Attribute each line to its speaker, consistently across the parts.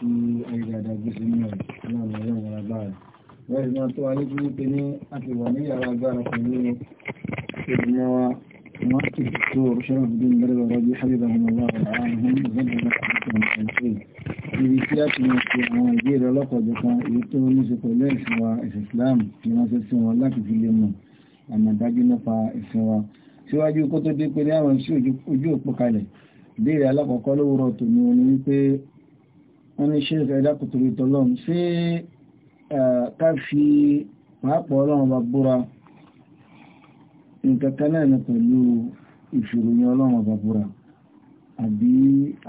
Speaker 1: tí ayélujára gbé sí náà náà ní ọlọ́run agbára wọ́n ti máa tó wa létí wípé ní a ti wà ní yàrá agbára pẹ̀lú ìgbìmọ̀ wa مؤسس الدكتور شرف الدين بلد الربيع حفظه الله تعالى هم مجدد التنسيق في سياسة الجيل لقد كان يكتب نسك ليس والإسلام في مؤسسة والله في اليمن أما dájú nípa ẹ̀sìn wa síwájú kó tó dé pé ní àwọn iṣẹ́ ojú òpó kalẹ̀ ìbéèrè alákọ̀ọ́kọ́ lówùrọ̀ tòní òní wípé wọ́n ní ṣe ìfẹ̀dá kòtòrò ìtọ́lọ́run ṣé ká fi pàápọ̀ ọlọ́run bá búra nǹkan kan náà ni pẹ̀lú ìṣòro ní ọlọ́run bá búra àbí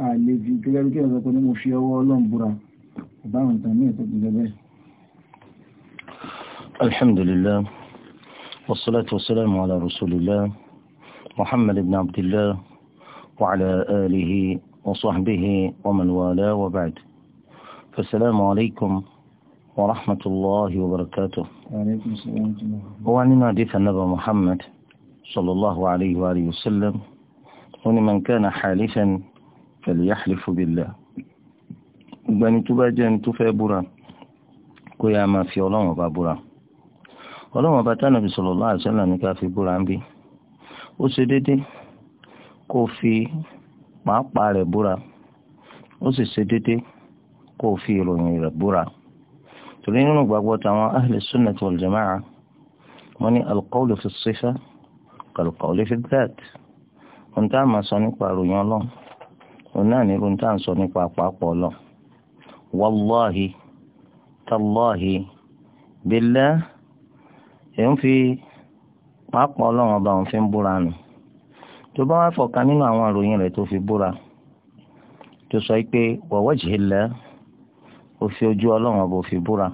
Speaker 1: àlejò gẹ́gẹ́ bí kí ọ̀sán pé ní mo fi ọwọ́ ọlọ́run búra àbáwọn ìtàn ní ìtọ́jú gẹ́gẹ́
Speaker 2: الحمد لله والصلاة والسلام على رسول الله محمد بن عبد الله وعلى آله وصحبه ومن والاه وبعد فالسلام عليكم ورحمة الله وبركاته وعليكم السلام وعن حديث النبي محمد صلى الله عليه وآله وسلم ولمن كان حالفا فليحلف بالله gbani tó bá jẹ́ ní tó fẹ́ búra kó yá máa fi ọlọ́run ọba búra ọlọ́run ọba tánàbí sallallahu alaihi wasallam ní ká fi búra ń bí ó ṣe déédé kó fi pàápàá rẹ̀ búra ó sì ṣe déédé kó o fi ìròyìn rẹ̀ búra torí nínú gbàgbọ́ táwọn ahli sunnati wal jama'a wọ́n ní alqawlu fi sifa kalqawli fi dhat ohun tá a máa sọ nípa ìròyìn ọlọ́run òun náà ní ohun tá a sọ nípa àpapọ̀ ọlọ́run wàlláhi tàlláhi billah èyí ń fi pàápàá ọlọ́run ọba òun fi ń búra nù tó bá wá fọ̀kan nínú àwọn ìròyìn rẹ̀ tó fi búra tó sọ pé wa wajhillah ó fi ojú ọlọ́run ọba òfin búra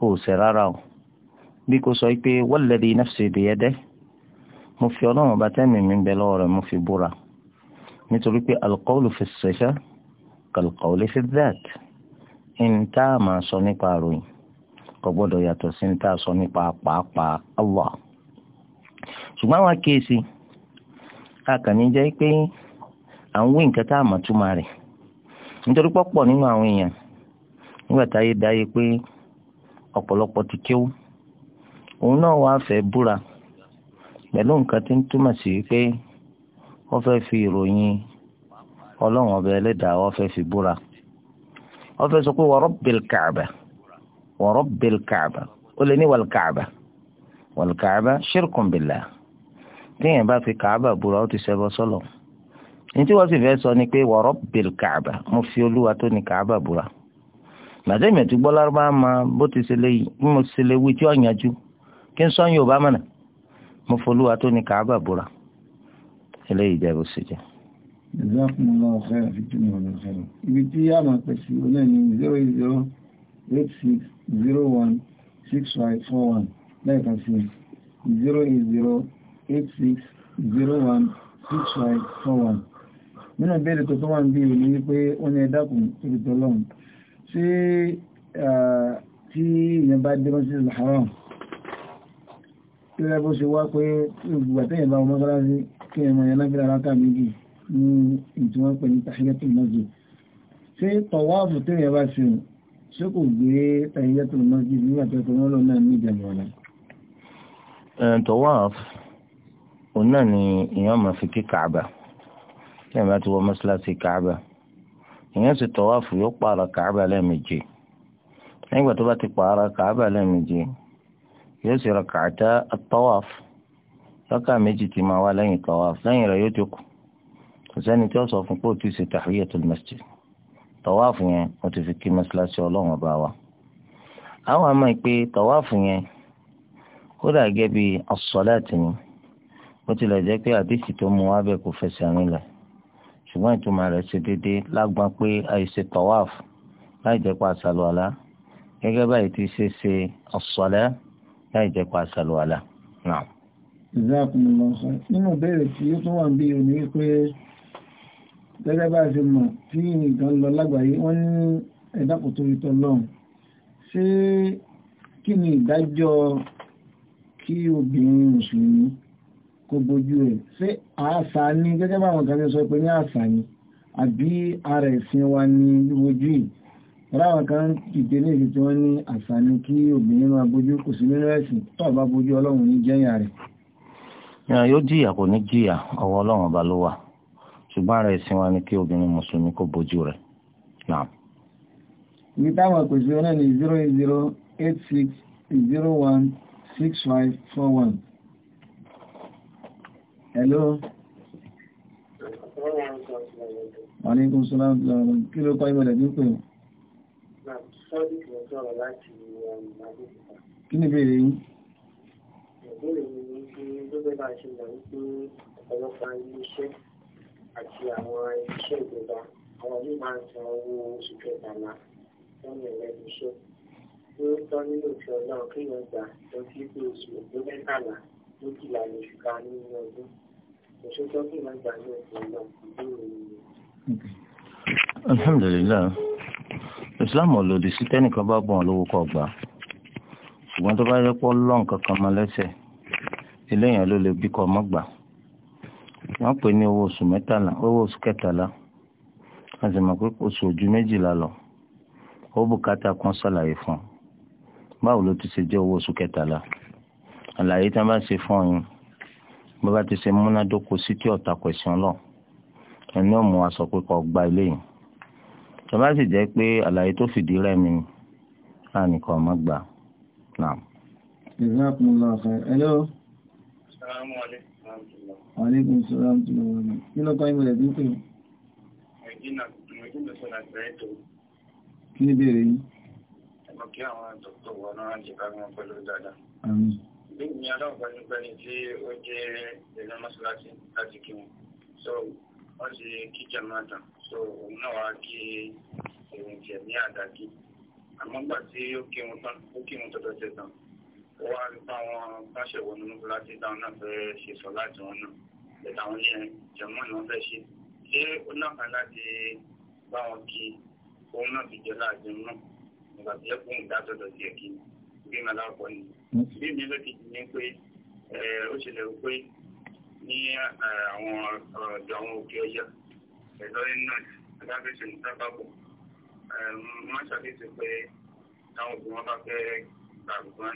Speaker 2: ó ṣe rárá o bí kò sọ pé walladhi nafsi biyadihi mo fi ọlọ́run ọba tẹ́mi mi bẹ lọ́wọ́ rẹ̀ mo fi búra nítorí pé al-qawlu fi sifa kal-qawli fi dhat ìntà máa sọ nípa àròyìn kò gbọ́dọ̀ yàtọ̀ sí ìntà sọ nípa pàápàá Allah ṣùgbọ́n àwọn akéèsì akànnì jẹ́ pé à ń wí nǹkan tá a mọ̀ túmọ̀ rẹ̀ nítorí pọ́pọ̀ nínú àwọn èèyàn nígbà táyé dáyé pé ọ̀pọ̀lọpọ̀ ti kéwú òun náà wàá fẹ́ búra pẹ̀lú nǹkan tí ń túmọ̀ sí pé wọ́n fẹ́ fi ìròyìn ọlọ́run ọba ẹlẹ́dàá wọ́n fẹ́ fi búra wọ́n fẹ́ sọ pé wa rabbil Ka'ba wa rabbil Ka'ba ó lè ní wal Ka'ba wal Ka'ba shirkun billah téèyàn bá fi Ka'ba búra ó ti ṣẹbọ sọ́lọ̀ ní tí wọ́n sì fẹ́ sọ ni pé wa rabbil Ka'ba mo fi olúwa tó ní Ka'ba búra gbàtẹ́ mi ti gbọ́ lárúbá ma bó ti ṣe lè bí mo ṣe lè wí tí ó yanjú kí n sọ yín ò bá mọ̀nà mo folúwa tó ní kàábà búra eléyìí jẹ́ bó ṣe jẹ́.
Speaker 1: jazakumullahu khairan àfikún ọ̀nà ọ̀fẹ́ràn ibi tí a máa pẹ̀ sí oní ẹni zero eight zero eight six zero one six five four one lẹ́ẹ̀kan sí zero eight zero eight six zero one six five four one nínú ìbéèrè tó tó wà ń bí ìlú wípé ó ní ẹ dákun ìrìtọ́lọ́run tí èyàn bá dé mọ́sí al-haram tíra bó ṣe wá pé ìgbà tẹ́yìn bá ọmọ sọ́lá sí kí ẹmọ yẹn lábẹ́ ara méjì ní ìtìwọ́n pẹ̀lú tahiyatul masjid tí tọ̀wáàfù tẹ́yìn bá ṣe ṣe kò gbé tahiyatul masjid nígbà tó tọ́ lọ́nà náà ní ìjàmbá ọ̀la.
Speaker 2: tọ̀wáàfù òun náà ni èèyàn máa fi kí kàába tẹ́yìn bá ti wọ mọ́sálásí kàába ìyẹn sì tọ́wáfù yóò pààrà kàábà lẹ́ẹ̀mejì nígbà tó bá ti pààrà kàábà lẹ́ẹ̀mejì yóò sì ra kàtà tọ́wáfù lọ́kà méjì ti máa wá lẹ́yìn tọ́wáfù lẹ́yìn rẹ̀ yóò jókòó kò sẹ́ni tí ó sọ fún pé ó ti ṣe tahiyatul masjid tọ́wáfù yẹn ó ti fi kí mọ́ṣáláṣí ọlọ́run ọba wa. àwọn àmọ́ ìpè tọ́wáfù yẹn ó dà gẹ́gẹ́ bí as-salati tilẹ̀ jẹ́ pé àdìsí tó mú wá bẹ́ẹ̀ kò fẹsẹ̀ rìn lẹ̀ ṣùgbọ́n ìtumọ̀ rẹ̀ ṣe déédéé lágbọ́n pé àìṣe tọ́wáf láì jẹ́ pa àṣàlùwàlá gẹ́gẹ́ báyìí ti ṣe ṣe ọ̀sọ̀lẹ́ láì jẹ́ pa àṣàlùwàlá.
Speaker 1: nínú ìbéèrè tí ó tún wà bí òní pé gẹ́gẹ́ bá a ṣe mọ̀ tí nǹkan lọ lágbàáyé wọ́n ní ẹ̀dàkùtù ìtọ́ lọ́hùn ṣé kí ni ìdájọ́ kí obìnrin mùsùlùmí kó gbojú rẹ̀ ṣé àṣà ni gẹ́gẹ́ báwọn kan sọ pé ní àṣà ni àbí ara ẹ̀sìn wa ni ojú yìí ráwọn kan dìde ní èyí tí wọ́n ní àṣà ni kí obìnrin máa bójú kò sí nínú ẹ̀sìn tó bá bójú ọlọ́run ní jẹ́yà rẹ̀.
Speaker 2: yóò jìyà kò ní jìyà ọwọ́ ọlọ́run ọba ló wà ṣùgbọ́n ara ẹ̀sìn wa ni kí obìnrin mùsùlùmí kó bójú rẹ̀ náà.
Speaker 1: ibi táwọn àpèsè náà ní zero eight zero eight six zero one six five four one. Hello. Wọ́n ní kún sọ́lá kí ló kọ́ ìwọ̀lẹ̀ ní pè um, Kí ni bèèrè yìí?
Speaker 3: Ìbéèrè mi ní kí ló bẹ́ bá ṣe mọ̀ wípé ọ̀pọ̀lọpọ̀ ilé-iṣẹ́ àti àwọn iṣẹ́ ìjọba àwọn yìí máa san owó oṣù kẹtàlá lọ́nà ìrẹ́lẹ́ṣẹ́. Ó tọ́ nílò ìfẹ́ ọlọ́run kí èèyàn gbà lọ sí oṣù mẹ́tàlá méjìlá ní oṣù ká ní ọdún oṣù tó kí máa gbà ní ọdún náà ìbéèrè ni.
Speaker 2: alhamdulilayi islam ọlòdì sí tẹnìkan bá gbọ́n lówó kọ gbà ṣùgbọ́n tó bá yẹ pọ́ lọ́n kankan máa lẹ́sẹ̀ eléyàn ló lè bí kọ́ mọ́ gbà wọ́n pè ní owó oṣù mẹ́tàlá owó oṣù kẹtàlá a sì mọ̀ pé oṣù ojú méjìlá lọ ó bùkátà kan ṣàlàyé fún un báwo ló ti ṣe jẹ́ owó oṣù kẹtàlá àlàyé tí wọ́n bá ṣe fún ọyìn bó bá ti ṣe múnádóko sí tí ọ̀tà kwẹ̀sán lọ ẹni ò mú wa sọ pé kò gba ilé yìí tó bá sì jẹ́ pé àlàyé tó fìdí rẹmi náà nìkan má gbà náà.
Speaker 1: ìyá àpòlọ ọ̀fẹ́ ẹ̀lọ́. aleykum salaam tí mo kí ló kọ́ ìmọ̀lẹ̀ tó ń pè ọ́.
Speaker 3: kí ni ìbéèrè yín. ẹ̀kọ́ kí àwọn dókítà wọn náà jẹ́ ká gbọ́n pẹ̀lú dáadáa ìlú mi aláwọ̀ pẹ̀lúpẹ̀lú tí ó jẹ́ ìlú mọ́ṣáláṣí láti kí wọn so wọ́n ti kí jàmáà tán so òun náà wá kí èrò jẹ̀ ní àdákì àmọ́ gbà tí ó kí wọn tán ó kí wọn tọ́tọ́ tẹ̀ tán ó wá rí pa wọn bá ṣẹ̀wọ̀n nínú mọ́ṣáláṣí táwọn náà fẹ́ ṣe sọ láti wọn náà lẹ́tà àwọn yẹn jàmáà ni wọ́n fẹ́ ṣe ṣé ó náà láti bá wọn kí òun náà fi jẹ́ láàjẹun náà ìgbà tí ẹkùn ìdá tọ́tọ́ tiẹ̀ kí ni ìgbéhùn aláàbọ̀ ni bí mm. mi lókìtì ní pé ó ṣẹlẹ̀ pé ní àwọn ọ̀dọ̀ àwọn òkè ọjà ìlọrin náà adágbèsè ní sábàbọ̀ wọ́n ṣàkíyèsí pé táwọn òbí wọn bá fẹ́ gbàgbọ́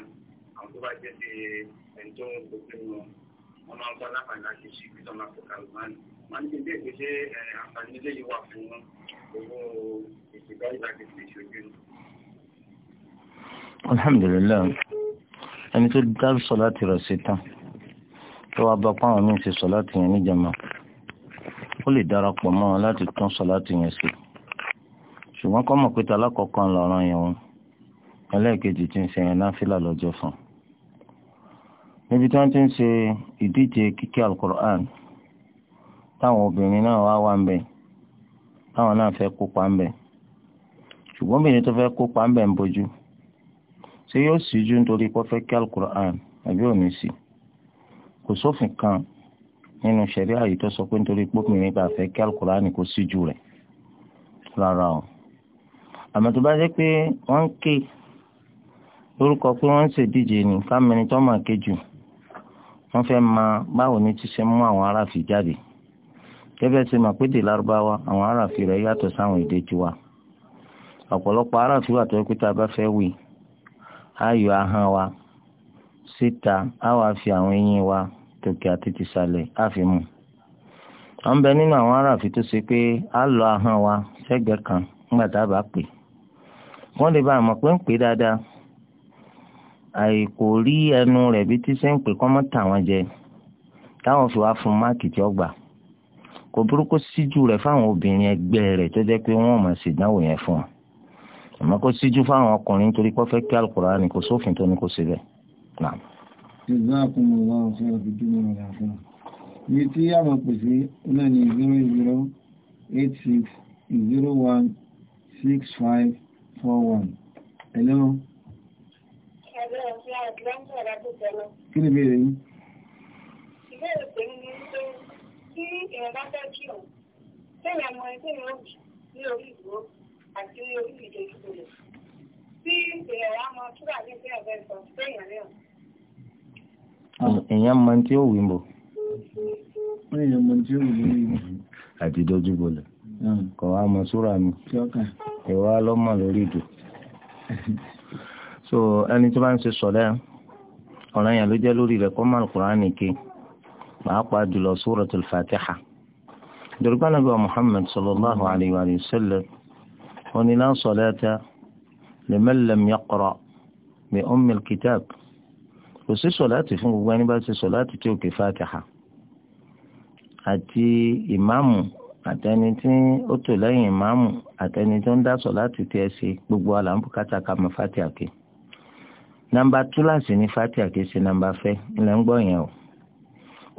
Speaker 3: àwọn tó bá jẹ́ bí ẹni tó ń gbókè wọn wọ́n máa ń kọ́ láǹfààní láti ṣí ibi tó máa fẹ́ gbàgbọ́ wọ́n ní bí èkó ṣe àǹfààní lè wà fún owó ìṣègbè ìdágbèsè ìṣojú
Speaker 2: alhamdulilayi ẹni tó dá sọláàtì rẹ̀ sí tán tó wá bá pàwọn míì ṣe sọláàtì yẹn níjàmá ó lè darapọ̀ mọ́ wọn láti tún sọláàtì yẹn sí ṣùgbọ́n kọ́ mọ̀ pé ta alákọ̀ọ́kọ́ ń lọ́rọ̀ yẹn wọn ẹlẹ́ẹ̀kejì ti ń ṣe yẹn náfìlà lọ́jọ́ fún un níbi tí wọ́n ti ń ṣe ìdíje kíké alukur'an táwọn obìnrin náà wá wá ń bẹ̀ táwọn náà fẹ́ kópa ń bẹ̀ ṣùgbọ́n obìnrin tó fẹ́ kópa ń bẹ̀ ń bójú ṣé yóò síjú nítorí pọ́fẹ́ kí alukur'an àbí òní sí kò sófin kan nínú ṣẹ̀ríà yìí tó sọ pé nítorí pọ́kùnrin bá fẹ́ kí alukur'an kò síjú rẹ̀ rárá o àmọ́ tó bá jẹ́ pé wọ́n ń ké lórúkọ pé wọ́n ń ṣèdíje ní fámìlì tó máa ké jù wọ́n fẹ́ máa báwo ni ti ṣe mú àwọn aráàfin jáde gẹ́gẹ́ ṣe mọ̀ pé èdè lárúbáwá àwọn aráàfin rẹ̀ yàtọ̀ sáwọn èdè tiwa ọ̀pọ̀lọpọ̀ aráàfin wà tó yẹ pé tá a bá fẹ́ wí á yọ ahọ́n wa síta awa fi àwọn eyín wa tòkè àti tìsàlẹ̀ á fi mú. à ń bẹ nínú àwọn aráàfin tó ṣe pé a lọ ahọ́n wa sẹ́gbẹ̀ẹ́ kan nígbà tá a bá pè. wọ́n lè bá àmọ́ pé ń pè dáadáa àìkò rí ẹnu rẹ̀ bí tí ṣe ń pè kọ́mọ́ tàwọn jẹ táwọn fi wá fún máàkì tí ó gbà kò burúkú síjú rẹ̀ fáwọn obìnrin ẹgbẹ́ rẹ̀ tó jẹ́ pé wọ́n mọ̀ ṣèdánwò yẹn fún àmọ́ kó síjú fáwọn ọkùnrin torí pé fẹ́ kí alukóra ni kò sófin tó ní kó ṣe bẹ́ẹ̀.
Speaker 1: jazakumullahu khairan fi dúró ní ọ̀la fún un ní tí a máa pèsè náà ní zero zero eight six zero one six five four one. hello. kí ni ìbéèrè yín.
Speaker 4: ìbéèrè tèmi ni pé tí èèyàn bá fẹ́ kí òun kéèyàn mọ ẹgbẹ́ yẹn ó jù ní orí ìgbó àti orí orí ìdè ìdòdò. Tí èèyàn wá mọ túrà ní ìpínlẹ̀ ọ̀gbẹ́ sọ sí èèyàn náà.
Speaker 2: Èèyàn mọ tí ó wí mọ̀. Èèyàn mọ tí ó wí mọ̀. Àti dojú bolẹ̀. Hmm. Kọ̀ wá mọ súrà mi. Ìwà lọ́mọ lórí ìdò. So ẹni tó bá ń ṣe sọ̀rọ̀ ọ̀ràn yẹn ló jẹ́ lórí rẹ̀ kọ́ máa Al-Qur'ani ké pàápàá jùlọ Suratul Fatiha. Dòrúbánagbà Muhammad sallallahu alayhi wa sallam wọ́n ní la salata liman lam yaqra bi ummil kitab kò sí sọ̀láàtì fún gbogbo ẹni bá ti sọ̀láàtì tí ó ké fatiha àti ìmáàmù àtẹni tí ó tò lẹ́yìn ìmáàmù àtẹni tó ń dá sọ̀láàtì tí ẹ ṣe gbogbo àlàmúkàtà ká mọ fatiha ké nàmbà túláàsì ní fatiha ké ṣe nàmbà fẹ́ ilẹ̀ ń gbọ́ yẹn o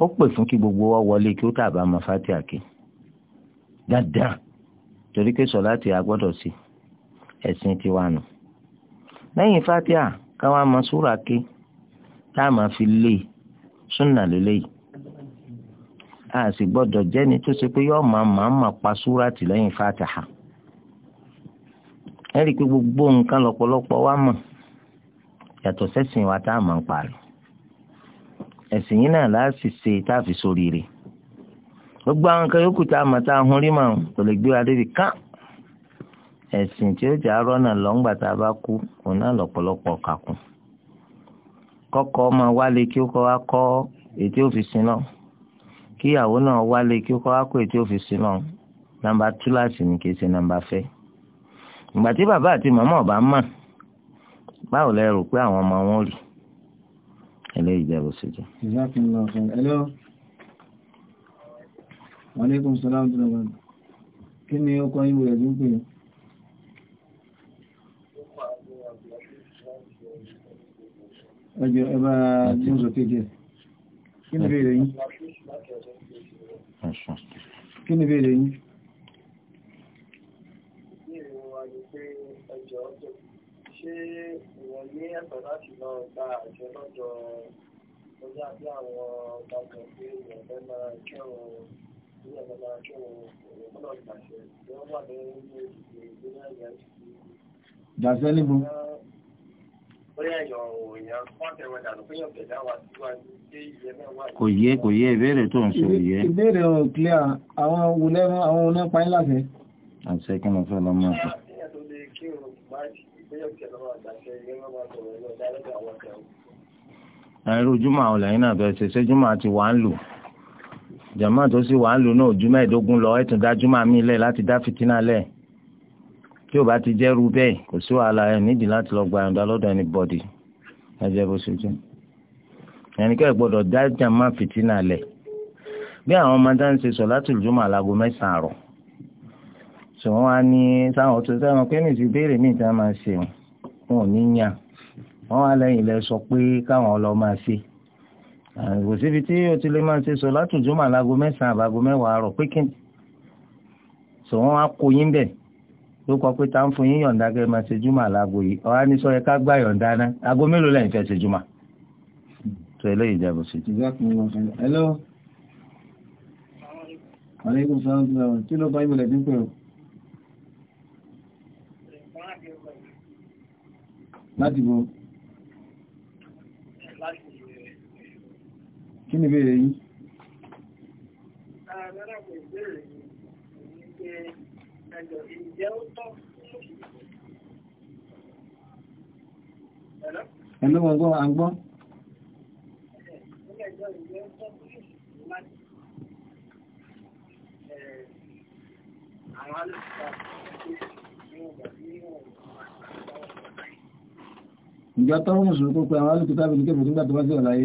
Speaker 2: ó pè fún kí gbogbo wa wọlé kí ó tàbá mọ fatiha ké dáadáa torí pé sọ̀láàtì agbọ́dọ̀ sí ẹ̀sìn tiwa nù. lẹ́yìn fatia káwa máa súra ké tá a máa fi lé súnà lélẹ́yìí a sì gbọ́dọ̀ jẹ́ni tó ṣe pé yọ́ọ́ máa máa máa pa súra tì lẹ́yìn fatia ẹ rí i pé gbogbo nǹkan lọ́pọ̀lọpọ̀ wa mọ̀ yàtọ̀ sẹ́sìn wa tá a máa ń parí ẹ̀sìn yìí náà láà ṣe tá a fi sóríire. So gbogbo àwọn nǹkan yòókù tá a mọ̀ tá a hun rí màá kò lè gbé wa kán ẹ̀sìn tí ó jà á rọ́nà lọ́ngbà tá a bá kú òun náà lọ́pọ̀lọpọ̀ kàkún kọ́kọ́ máa wálé kí ó kọ́ wá kọ́ ètí òfìsì náà kíyàwó náà wálé kí ó kọ́ wá kọ́ ètí òfìsì náà nàmbà túláàsì ní kìí ṣe nàmbà fẹ́ ìgbà tí bàbá àti màmá ọ̀bá mà báwo lẹ rò pé àwọn ọmọ wọn rì eléyìí jẹ́ bó ṣe jẹ́.
Speaker 1: Wàlékún Sọlá Abdullahi. Kí ni ó kọ́ ìwò ẹ̀dùn pè? Ẹjọ́ ẹbá tí ó sọ kéje. Kí ni bèèrè yìí? Kí ni bèèrè yìí?
Speaker 3: Ṣé ìwọ̀n ní ẹ̀tọ́ láti lọ gba àjọ lọ́dọ̀ Dàṣẹ́ níbo? Kò yé kò yé ìbéèrè
Speaker 1: tó ń ṣe òye. Ìbéèrè ò clear àwọn wùlẹ́mọ́ àwọn onípa ńlá fẹ́. Àṣẹ kí mo fẹ́ lọ mọ́ ọ̀sán.
Speaker 2: Ẹ̀rù Júmọ̀ àwọn lẹ́yìn náà bẹ́ẹ̀ ṣe Júmọ̀ ti wà ń lù jàmá tó sì wà ń lò náà ojú mẹ́ẹ̀ẹ́dógún lọ ẹ̀ tún dájú máa mí lẹ̀ láti dá fìtínà lẹ̀ tí ò bá ti jẹ́rú bẹ́ẹ̀ kò sí wàhálà ẹ̀ nídìí láti lọ gba àyàndá lọ́dọ̀ ẹni bọ́dì ẹ̀jẹ̀ bó ṣe jẹ́ ẹnikẹ́ gbọ́dọ̀ dá jàmá fìtínà lẹ̀ bí àwọn ọmọ dáhùn ṣe sọ láti lùjú mọ́ àlágò mẹ́sàn-án àrọ̀ sọ wọn á ní sáwọn tó sáwọn pé ní ìbéèrè míì tá a máa ṣe wọn ò ní yàn wọn á lẹ́yìn lẹ sọ pé káwọn lọ máa ṣe kò síbi tí o ti lè máa ṣe sọ látùjọ́ mà lágo mẹ́sàn-án àbágo mẹ́wàá àárọ̀ pékin sọ wọn á kó yín bẹ̀ ló kọ pé tá ń fún yín yọ̀ǹda kẹ́ máa ṣe júmọ̀ àlágo yìí ọ̀hán ní sọ yẹ ká gbà yọ̀ǹda náà aago mélòó lẹ́yìn fẹ́ ṣe júmọ̀ tó eléyìí jẹ́ bó ṣe. hello.
Speaker 1: aleykum salaam kí ló bá ìmọ̀lẹ̀ dín pẹ̀lú. láti bo. kí ni béèrè yìí Ẹ̀lú gbogbo àgbọ́. Ìjọ tọ́wọ́ mùsùlùmí kó pẹ àwọn alùpùtà bí ní kébùtù nígbàtí wá sí ọ̀láyé.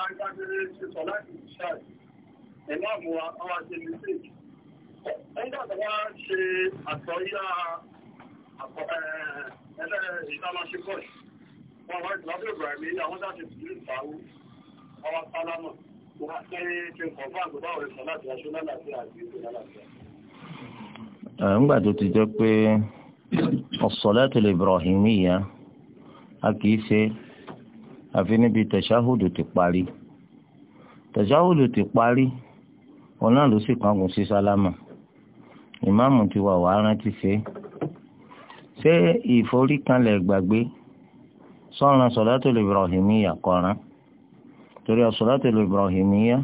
Speaker 3: agbábẹ́rẹ́
Speaker 2: nígbà tó ti jẹ́ pé as-salatu al-ibrahimiyya a kìí ṣe àfi níbi tẹ̀sáhùdù ti parí tẹ̀sáhùdù ti parí òun náà ló sì kángun sí sálámà ìmáàmù ti wà wàá rántí ṣe ṣé ìforíkanlẹ̀ gbàgbé sọ́ran sọ̀dátùl Ibrahimiyya kọ̀ọ̀rán torí sọ̀dátùl Ibrahimiyya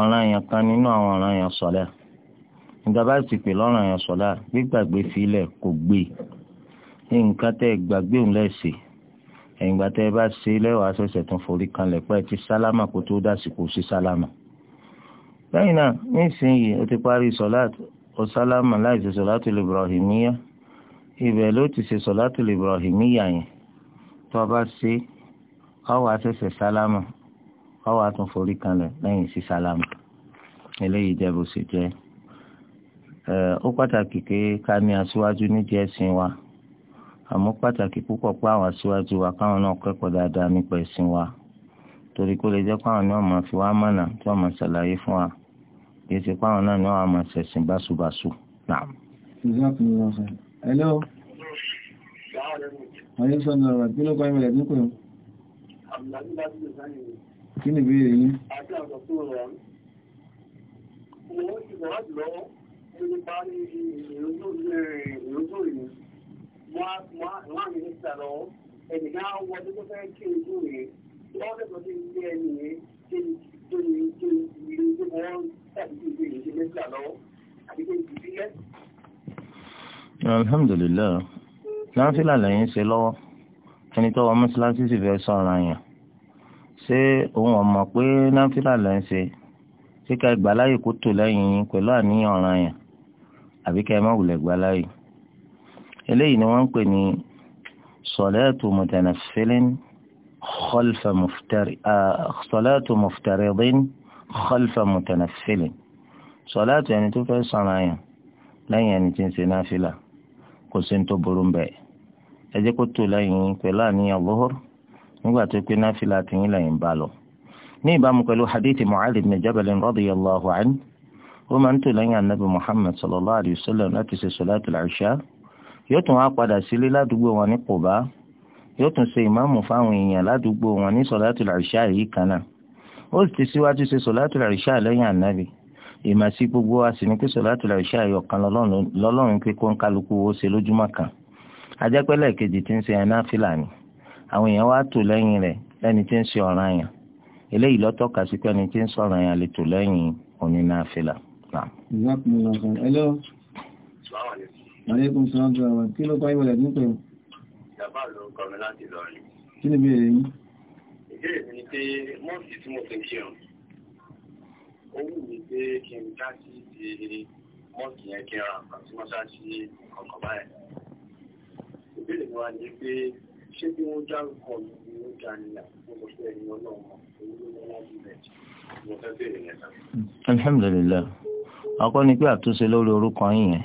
Speaker 2: ọ̀ràn yẹn kan nínú àwọn ọ̀ràn yẹn sọ̀lá ìjọba ti pè lọ́ràn yẹn sọ̀lá gbígbàgbé sílẹ̀ kò gbé nǹkan tẹ́ gbàgbé òun lẹ́sìn ẹ̀yìngbà tẹ́ ẹ bá ṣe lẹ́wàá ṣẹ̀ṣẹ̀ tún forí kanlẹ̀ pẹ́ ti sálámà kó tó dásìkò sí sálámà. lẹ́yìn náà nísìnyí o ti parí sọ̀láàt o sálámà láì ṣe sọ̀láàtù Ibrahimiyya ibẹ̀ ló ti ṣe sọ̀láàtù Ibrahimiyya yẹn tó o bá ṣe ọwọ́ àṣẹṣẹ̀ sálámà ọwọ́ àtún forí kanlẹ̀ lẹ́yìn sí sálámà eléyìí jẹ́ bó ṣe jẹ́ ó pàtàkì pé ká ní aṣíwájú nídìí ẹ̀sìn wa àmọ́ pàtàkì púpọ̀ pé àwọn aṣíwájú wa káwọn náà kẹ́kọ̀ọ́ dáadáa nípa ẹ̀sìn wa torí kó lè jẹ́ káwọn náà máa fi wá mọ̀nà tí wọ́n máa ṣàlàyé fún wa kì í ṣe káwọn náà ni wọ́n máa ṣẹ̀sìn báṣubàṣu náà.
Speaker 3: hello.
Speaker 1: ayé sọ̀nà ọ̀rọ̀ kí ló kọ́ ìmọ̀lẹ̀ kí ni ìbéèrè yín. àti àwọn tó rọ̀
Speaker 3: ọ́ wọ́n á ní sàlọ́ ẹnìkan á wọlé tó fẹ́ kí n dùn yẹn lọ́wọ́ lẹ́kọ̀ọ́ tó ń gbé ẹni yẹn kí n tó ní kí n yí ní wọ́n tàbí kí n gbé yẹn kí n sàlọ́ àbí kí n kì í sílẹ̀.
Speaker 2: alhamdulilayi náfìlà lẹ́yìn ṣe lọ́wọ́ ẹni tó wọ mọ́ṣáláṣí sì fẹ́ sọ̀rọ̀ yẹn ṣé òun ọ̀mọ̀ pé náfìlà lẹ́yìn ṣe ṣé ká gbàláyè kó tò lẹ́yìn pẹ̀lú àníyàn ọ̀ràn yẹn àbí ká ẹ má wulẹ̀ gbàláyè eléyìí ni wọ́n ń pè ní salatu mutanaffilin khalfa muftari salatu muftaridin khalfa mutanaffilin salatu ẹni tó fẹ́ sọ̀rọ̀ àyàn lẹ́yìn ẹni tí ń ṣe náfìlà kò sí ní tó burú ń bẹ̀ ẹ jẹ́ kó tó lẹ́yìn pẹ̀lú àníyàn lóhùr nígbà tó pé náfìlà tìyín lẹ́yìn bá lọ. ní ìbámu pẹ̀lú hadith mu'adh ibn jabal radiyallahu anhu ó máa ń tó lẹ́yìn anabi muhammad sallallahu alayhi wa sallam láti ṣe sọ̀láàtì al yóò tún wá padà sílé ládùúgbò wọn ní Kùbá yóò tún ṣe ìmáàmù fáwọn èèyàn ládùúgbò wọn ní sọ̀látùl ìṣá yìí kan náà ó sì ti síwájú ṣe ànábì ìmọ̀ gbogbo wa sì ní pé sọ̀látùl ìṣá yìí ọ̀kan lọ́lọ́run pé kó ń kálukú ó ṣe lójúmọ́ kan ajẹ́pẹ́lẹ̀ kejì ti ń ṣe ẹ̀ná fìlàní àwọn èèyàn wá tò lẹ́yìn rẹ̀ lẹ́ni
Speaker 1: ń ṣe Àlékún sọ́rọ̀ tó àwọn kí ló kọ́ ìwọ̀lẹ̀ ní pẹ̀lú?
Speaker 3: Ìjàbá ló kọ́ mi láti lọ rí.
Speaker 1: Kí ni bèèrè yìí?
Speaker 3: Ìbéèrè mi ni pé mọ́ọ̀sì tí mo fi kírun. Ó wù mí pé kí n já sí ti mọ́ọ̀sì yẹn kí n ra nǹkan ọkọ̀ báyẹn. Ìbéèrè mi wá ni pé ṣé bí wọ́n dárúkọ mi ni ó dá ní àkókò mo fẹ́ ẹni ọlọ́run èyí ló mọ́ wọn bí bẹ̀rẹ̀.
Speaker 2: Alhamdulillah. Ọkọ ni pé àtúnṣe lórí orúkọ yìí yẹn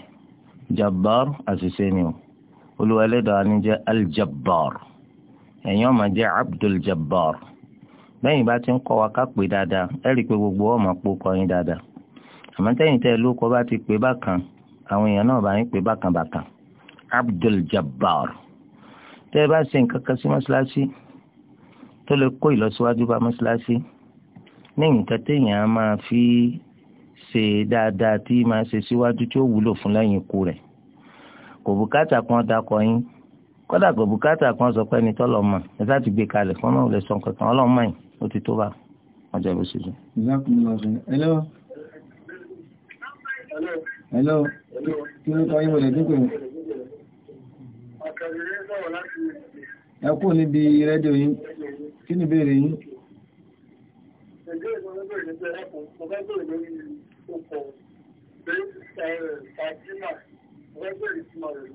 Speaker 2: jabbar àṣìṣe ni o olúwa ẹlẹ́dàá ni jẹ́ aljabbar ẹ̀yin ọmọ jẹ́ abdul jabbar bẹ́yìn bá ti ń kọ́ wa ká pè dáadáa ẹ rí i pé gbogbo ọmọ pò kọyìn dáadáa àmọ́ tẹ́yìn tẹ́ ló kọ́ bá ti pè bákan àwọn èèyàn náà bá yín pè bákan bákan abdul tẹ́ ẹ bá ṣe nǹkan kan sí mọ́ṣáláṣí tó lè kó ìlọsíwájú bá mọ́ṣáláṣí ní nǹkan téèyàn máa fi ṣe dáadáa tí máa ṣe síwájú tí ó wúlò fún lẹ́yìn ikú rẹ̀ kò bùkátà kan dakọ̀ yín kódà kò bùkátà kan sọ pé ẹni tọ́lọ̀ mọ̀ ẹ sá ti gbé kalẹ̀ fún ọlọ́run lè sọ ọlọ́run mọ̀ yín ó ti tó bá ọjà bó ṣe jù.
Speaker 1: hello hello kí ló kọ́ yín wọlé dínkù yín. ẹ kú níbi rédíò yín kí ni ìbéèrè yín. ìbéèrè mi ń bèrè ìsopọ̀
Speaker 2: pé fàtímà wẹ́gbẹ̀ ìtumọ̀ rẹ̀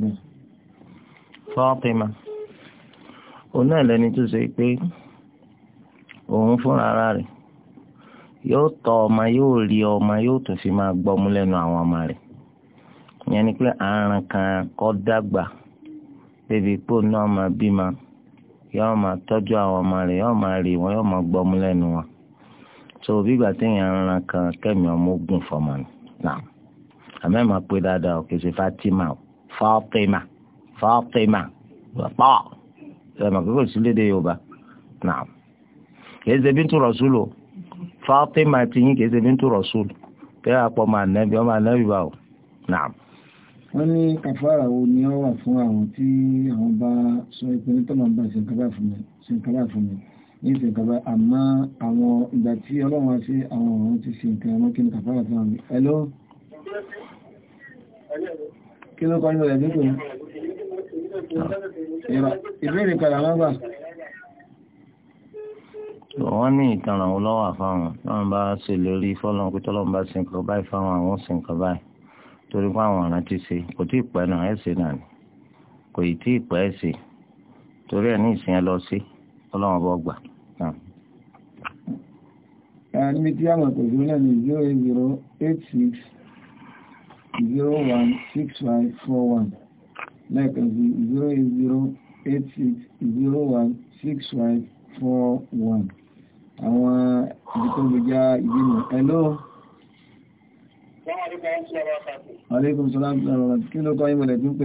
Speaker 2: ni. fọ́ọ̀tìmà òun náà lẹni tó ṣe pé òun fúnra ara rẹ̀ yóò tọ́ ọmọ yóò rí ọmọ yóò tún fi máa gbọ́mú lẹ́nu àwọn ọmọ rẹ̀ ìyẹn ni pé àrùn kan kọ́ dàgbà bébí pò náà máa bímọ yóò máa tọ́jú àwọn ọmọ rẹ̀ yóò máa rí wọn yóò máa gbọ́mú lẹ́nu wọn tó o bí gbà téèyàn ran kan kẹ́mi ọmọ ogun fọmọ náà àmẹ́ máa pé dáadáa ò kì ṣe Fatima Fatima Fatima pọ̀ ẹ̀rọ kókò sí léde Yorùbá náà kì ṣe bí n tún Rasul o Fatima ti yín kì í ṣe bí n tún Rasul kí á pọ̀ máa nẹ́bí ọmọ anẹ́bí bá o náà.
Speaker 1: wọ́n ní kàfàrà wo ni ó wà fún àwọn tí àwọn bá sọ ìpínlẹ̀ tó máa ń bá ṣe ń kábà fún mi ní ṣe nǹkan bá àmọ́ àwọn ìgbà tí ọlọ́run ṣe àwọn ọ̀run ti ṣe nǹkan ọmọ kí ní kàfàrà tí wọ́n mi ẹlọ́
Speaker 2: kí ló kọ́ ní ọ̀rẹ́ dínkù ìbéèrè padà wọ́n gbà wọ́n ní ìtanràn lọ́wọ́ àfáwọn wọ́n bá ṣe lórí fọ́lọ́n pé tọ́lọ́n bá ṣe nǹkan báyìí fáwọn àwọn ṣe nǹkan báyìí torí pé àwọn ọ̀ràn ti ṣe kò tí ì pẹ́ náà ẹ̀ ṣe náà ni kò ì tí ì pẹ́ ẹ̀ ṣe torí ẹ̀ ní ìsìn ẹ lọ sí ọlọ́run bọ́ gbà
Speaker 1: tán níbi tí a mọ̀ pẹ̀lú náà ni 08086 016541 lẹ́ẹ̀kan sí 08086 016541 àwọn ìdíkọ́ gbẹjá ìgbìmọ̀ hello Aleykum salaam wa rahmatullahi wa barakatuh. Kí ló kọ́ ìmọ̀lẹ̀ tí ń pè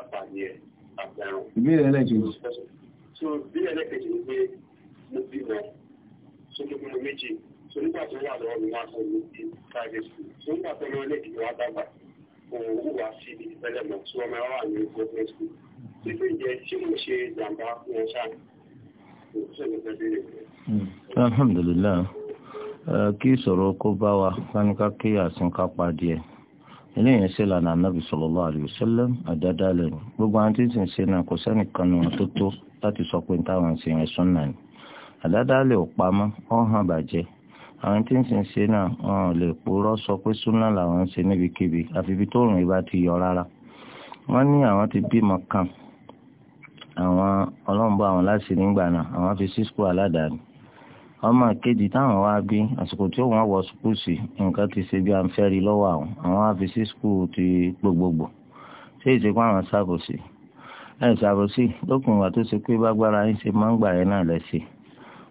Speaker 3: àpàdé ẹ̀ àpẹrun. ìbéèrè ẹlẹ́kejì. so ìbéèrè ẹlẹ́kejì ni pé mo bí mọ sókè fún mi méjì so nígbà tó wà lọ́wọ́ mi máa sọ ní ti private school so nígbà tó lọ́wọ́ ẹlẹ́kejì wa dàgbà òun wà sí ibi ìfẹ́lẹ̀ mọ̀ tí ọmọ wa ní government school títí ìjẹ́ tí mo ṣe jàǹbá fún ọ ṣáà kò sọ̀rọ̀ fẹ́ bẹ́ẹ̀ rẹ̀.
Speaker 2: Hmm. alhamdulilayi kí ìṣòro kó bá wa fáníkà kí àsìnká padì ẹ̀ eléyìí ṣe lànà anábì sallallahu alaihi wasallam àdáadáa lẹ́nu gbogbo àwọn tí ń sìn ṣe náà kò sẹ́nì kan nínú tó tó láti sọ pé táwọn ń sìn yẹn súnà ni àdáadáa lè pamọ́ ọ̀ hàn bàjẹ́ àwọn tí ń sìn ṣe náà wọn ò lè purọ́ sọ pé súnà làwọn ń ṣe níbikíbi àfi ibi tó rùn ibà ti yọ rárá wọ́n ní àwọn ti bímọ kan àwọn ọlọ́run bá àwọn láṣìírí nígbà náà àwọn fi sísúkú aládàáni ọmọ kejì táwọn wá bí àsìkò tí òun wọ sukùl sí nǹkan ti ṣe bí à ń fẹ́ rí lọ́wọ́ àwọn àwọn àfi sí sukùl ti gbogbogbò ṣé ìṣèkú àwọn ṣàbòsí ẹ ṣàbòsí lókun ìwà tó ṣe pé bágbára yín ṣe máa ń gbà yẹn náà lẹ́sìn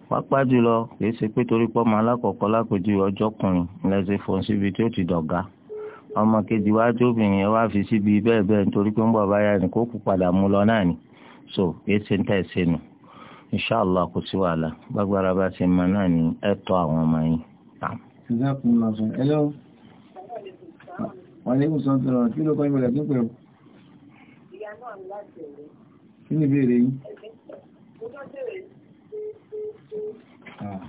Speaker 2: pápá jùlọ kì í ṣe pé torí pọ́ ọmọ alákọ̀ọ́kọ́ lápèjú ọjọ́ kùnrin lẹ́sìn fún síbi tí ó ti dọ̀gá ọmọ kejì wá jóbìnrin ẹ wá fi síbi bẹ́ẹ̀ bẹ́ẹ̀ nítorí pé ń bọ̀ báyà ní kó kú padà mú lọ náà ni so kì í ṣe ń tẹ̀ inṣàlá kò sí wàhálà gbàgbára bá ti mọ náà ní ẹ̀tọ́ àwọn ọmọ yín.
Speaker 1: wọ́n ní ìwòsàn tó rọrùn kí ló kọ́ ìbẹ̀rẹ̀ tó pẹ̀ o. kí ni ìbéèrè yín. Ah,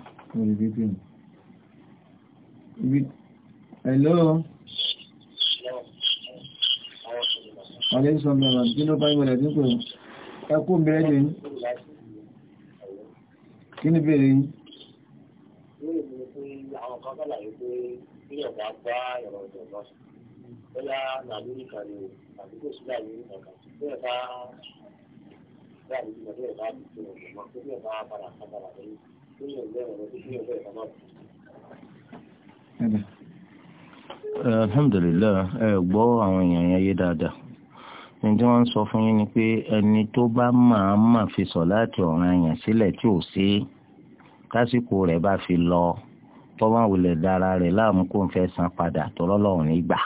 Speaker 1: Hello. Wọ́n ní kí ló kọ́ ìbẹ̀rẹ̀ tó pẹ̀ Ẹ kú bẹ̀rẹ̀ kí ni bèèrè yìí.
Speaker 3: àwọn kan bá láyé pé bí ọ̀gá gbá ẹ̀rọ ìjọba bóyá làlú nìkan ni o àbí kò sí làlú nìkan kan bí ẹ̀ bá bá àlejò náà bí ẹ̀ bá àlejò náà tó bí ẹ̀ bá padà padà lẹ́yìn tó yẹ ìwé ẹ̀rọ tó bí ẹ̀ bá ìfọ̀mọ́.
Speaker 2: alhamdulillah ẹ gbọ́ àwọn èèyàn yẹn yé dáadáa ní tí wọ́n ń sọ fún yín ni pé ẹni tó bá máa máa fi sọ láti ọ̀ràn àyàn sílẹ̀ tí ò sí tásìkò rẹ̀ bá fi lọ tọ́wọ́n àwòlẹ̀ dára rẹ̀ láàmú kó n fẹ́ san padà tọ́rọ́ lọ́rùn nígbà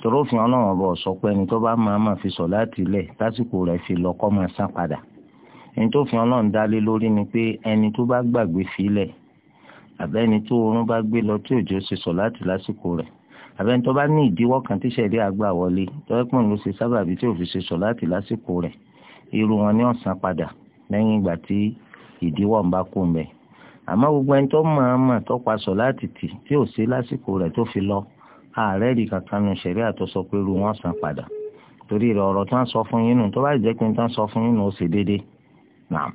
Speaker 2: tòrófin ọlọ́run ọba sọ pé ẹni tó bá máa máa fi sọ láti ilẹ̀ tásìkò rẹ̀ fi lọ kọ́ máa san padà ẹni tó fi ọlọ́run dálé lórí ni pé ẹni tó bá gbàgbé sílẹ̀ àbẹ́ni tó oorun bá gbé lọ tí òjò ṣe sọ láti lásìkò rẹ̀ àbẹ́ni tó bá ní ìdíwọ́ kan tí ṣẹ̀dí àgbà wọlé tọ́wẹ́pọ̀n ló ṣe sábàbí tí òfin ṣe sọ láti lásìkò rẹ̀ irú wọn ni ó padà lẹ́yìn ìgbà tí ìdíwọ́ ń bá kú mẹ́ àmọ́ gbogbo ẹni tó máa mà tó pa sọ láti tì tí ò sí lásìkò rẹ̀ tó fi lọ ààrẹ rí kankan nu ṣẹ̀rí àtọ́sọ pé irú wọn san padà torí rẹ̀ ọ̀rọ̀ tó ń sọ fún yín nù tó bá jẹ́ pé tó ń sọ fún yín nù ó ṣe déédéé náà.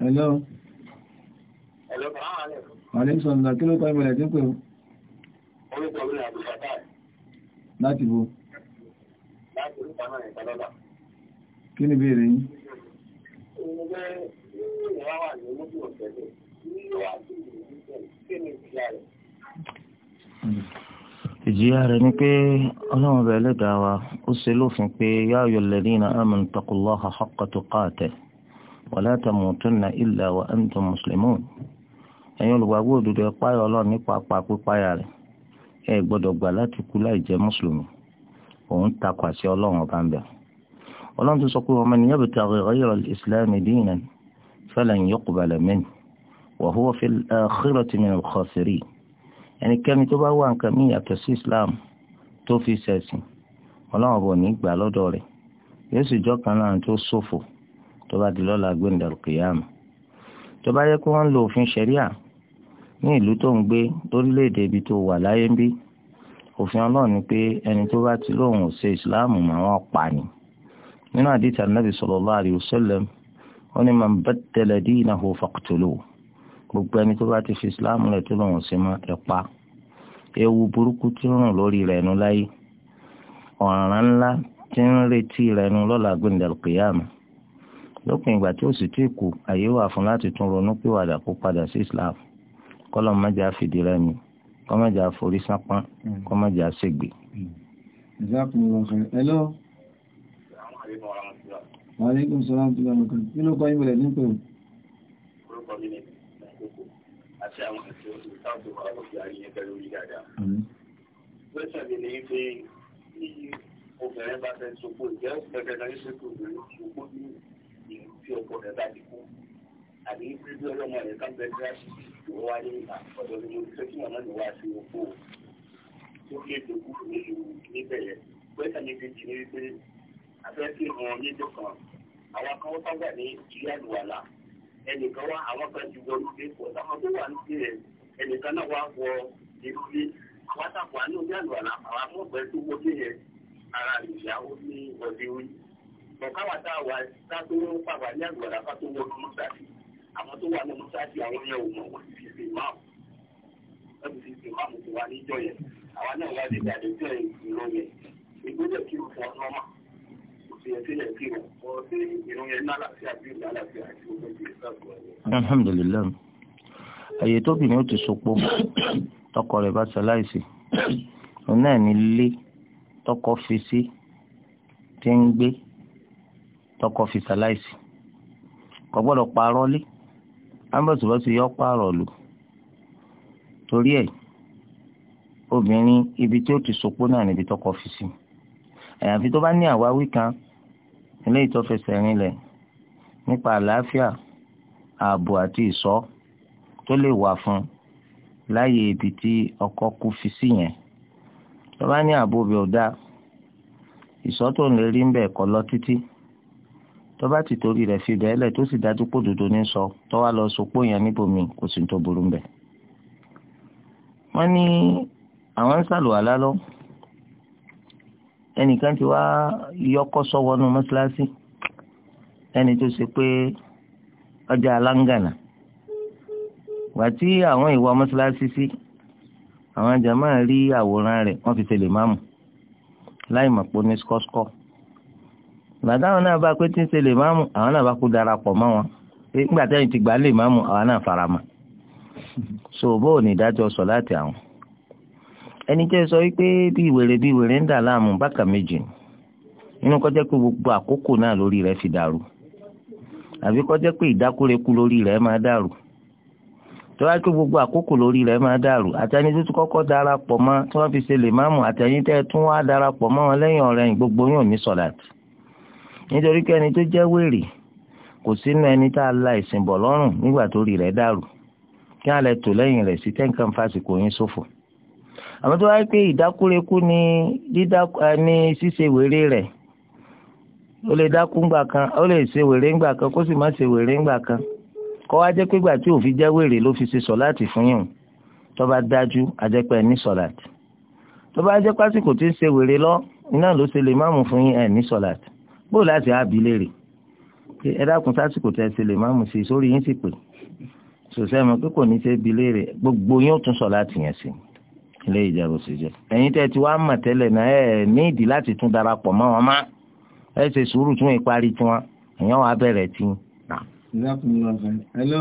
Speaker 1: hello. hello maaleykum sọ̀nà kí ló kọ́ ìbẹ̀rẹ̀ tó pè ó.
Speaker 3: orúkọ mi ni abdulfatai. láti bo. láti orúkọ náà ìtàlọ́lá.
Speaker 1: kí ni ìbéèrè yín
Speaker 3: mo fẹ́ ìwà wà ní mọ́tò ọ̀sẹ̀ lẹ̀ nílò àti ìdíjẹ́ kí ni ìjìyà rẹ̀.
Speaker 2: ìjìyà rẹ̀ ni pé ọlọ́run ọba ẹlẹ́dàá wa ó ṣe lófin pé yā ayyuhal-ladhīna āmanū ittaqullāha haqqa tuqātihi wa lā tamūtunna illā wa antum muslimūn ẹ̀yin olùgbàgbọ́ òdodo ẹ ọlọ́run nípa pàápàá páyà rẹ̀ ẹ gbọ́dọ̀ gbà láti kú láì jẹ́ mùsùlùmí òun takò ọlọ́run ọba ń bẹ̀rẹ̀ ọlọ́run tó sọ pé wa man yabtaghi ghayra al-islami dinan falan yuqbala minhu wa huwa fil akhirati minal khasirin ẹnikẹ́ni tó bá wá nǹkan mí yàtọ̀ sí islam tó fi ṣẹ̀sìn ọlọ́run ọ̀bọ̀ ní gbà lọ́dọ̀ rẹ̀ yóò sì jọ́ kan náà tó ṣòfò tó bá di lọ́la gbẹ̀ndàlù kìyàmù tó bá yẹ kó wọ́n ń lo òfin ṣẹ̀ríà ní ìlú tó ń gbé lórílẹ̀‐èdè ibi tó wà láyé ń bí òfin ọlọ́run ni pé ẹni tó bá ti lóun ò ṣe ìsìláàmù mọ́ wọn pa ni nínú àdìtì ànábì sallallahu alayhi wa sallam wọ́n ní man baddala dinahu faqtuluhu gbogbo ẹni tó bá ti fi islam rẹ̀ tó lọ́wọ́ sí mọ́ ẹ pa ewu burúkú tí ń rùn lórí rẹ̀ nu láyé ọ̀ràn ńlá tí ń retí rẹ̀ nu lọ́la gbẹ̀ndẹ̀l qiyama lópin ìgbà tí ó sì tí kù àyè wà fún láti tún ronú pìwàdà kó padà sí islam kọ́lọ́ mẹ́jà fìdí rẹ̀ mi kọ́mẹ́jà forí sápọ́n hmm. kọ́mẹ́jà ṣègbè.
Speaker 1: ìjákùn hmm. ọ̀hún ẹ Àríkùn sọ́lá tó lọ́nà kan. Kí ló kọ́ yín bẹ̀rẹ̀ nípò?
Speaker 3: Orúkọ mi ni Ìgbòkò àti àwọn àti oṣù táàbù àwọn ọ̀gá yẹn pẹ̀lú orí dáadáa. Pẹ́sẹ̀ mi ni pé bí obìnrin bá fẹ́ sopó ìjẹ́ pẹ̀lú ẹ̀ka yóò ṣètò obìnrin sopó ní ìlú tí ọkọ rẹ̀ bá ti kú. Àbí bí afẹ́fẹ́ ìwọ̀n oníjọ kan àwọn kan wọ́n sábà ní ilé àlùwàlà ẹnìkan wá àwọn kan ti wọ ilé pọ̀ táwọn tó wà nílé rẹ̀ ẹnìkan náà wá wọ ìrúlé àwọn àtàkùn àní ojú àlùwàlà àwọn amọ̀gbẹ́ tó wọlé yẹn ara ìyá ó ní ọ̀dẹ orí ọ̀káwà tá a wà tá tó ń pàwà ní àlùwàlà ká tó wọ mọ́sáàsì àwọn tó wà ní mọ́sáàsì àwọn yẹn ò mọ̀ wọ́n ti fi máàmù wọ́n ti fi fi máàmù tó wà níjọ
Speaker 2: alhamdulilayi àyè tóbìnrin ó ti sopó tọkọ rẹ̀ bá ṣaláìsí òun náà ní ilé tọkọ fi sí tí ń gbé tọkọ fi ṣaláìsí kò gbọ́dọ̀ parọ́ lé ambọ̀sibọ́sì yọ pààrọ̀ lò torí ẹ̀ obìnrin ibi tí ó ti sopó náà níbi tọkọ fi sí àyàfi tó bá ní àwáwí kan eléyìí tó fẹsẹ̀ rinlẹ̀ nípa àlàáfíà ààbò àti ìṣọ́ tó lè wà fún láyé ibi tí ọkọ kú fi sí yẹn tó bá ní ààbò bí ó dáa ìṣọ́ tó ń lè rí ń bẹ̀ kọ́ lọ títí tó bá ti torí rẹ̀ fi bẹ́ẹ̀ lẹ̀ tó sì dájú pò dodo ní sọ tó wá lọ sopó yẹn níbòmíì kò sí tó burú ń bẹ̀. wọ́n ní àwọn ń sàlùwà lálọ́ ẹnìkan ti wá yọkọ́ sọ́wọ́nù mọ́ṣáláṣí ẹni tó ṣe pé ọjà aláǹgànà wà tí àwọn ìwà mọ́ṣáláṣí sí àwọn jàmá rí àwòrán rẹ̀ wọ́n fi tẹ̀lé máàmù láì mọ̀ pé ní skọ́skọ́ bàtà àwọn náà bá pé tí ń tẹ̀lé máàmù àwọn náà bá kú darapọ̀ mọ́ wọn nígbà tẹ́yìn ti gbà lè máàmù àwọn náà fara mọ́ so bó o ní ìdájọ́ sọ láti àwọn ẹni tẹ́ sọ wípé bí ìwèrè bí ìwèrè ń dà láàmú bákà méjì nínú kọjá pé gbogbo àkókò náà lórí rẹ̀ fi dàrú àbí kọjá pé ìdákúrekú lórí rẹ̀ máa dàrú tó wá pé gbogbo àkókò lórí rẹ̀ máa dàrú àtẹni tó ti kọ́kọ́ darapọ̀ mọ́ tí wọ́n fi ṣe lè máàmù àtẹni tẹ́ tún wá darapọ̀ mọ́ wọn lẹ́yìn ọ̀rẹ́yìn gbogbo yóò ní sọ̀làtì nítorí pé ẹni tó jẹ́ wèrè kò sínú ẹni tá a la ìsìn lọ́rùn nígbà tó rí rẹ̀ dàrú kí á lẹ tò lẹ́yìn rẹ̀ sí tẹ́ǹkan fásitì kò yín ṣòfò àmọ́ tó wáyé pé ìdákúrekú ni ṣíṣe wèrè rẹ̀ ó lè dákú ńgbà kan ó lè ṣe wèrè ńgbà kan kó sì má ṣe wèrè ńgbà kan kọ́ wá jẹ́ pé ìgbà tí òfin jẹ́ wèrè ló fi ṣe sọ̀láàtì fún yìí tó bá dájú àjẹpẹ́ ní sọ̀láàtì tó bá jẹ́ pásìkò tí ń ṣe wèrè lọ iná ló ṣe lè máàmù fún yín ẹ̀ ní sọ̀láàtì bóò láti àbí léèrè ẹ dákun sásìkò tẹ̀ ṣe lè máàmù sí sórí yín sì pè sòsẹ́ mọ̀ pé kò ní ṣe bí léèrè gbogbo yín ó tún sọ̀láàtì yẹn sí i ilé ìjẹun sì jẹ ẹ̀yin tẹ́ ti wá mọ̀ tẹ́lẹ̀ náà ẹ ní ìdí láti tún darapọ̀ mọ́ wọn má ẹ ṣe sùúrù tún ìparí tiwọn ẹ̀yin wàá bẹ̀rẹ̀ tí. hello.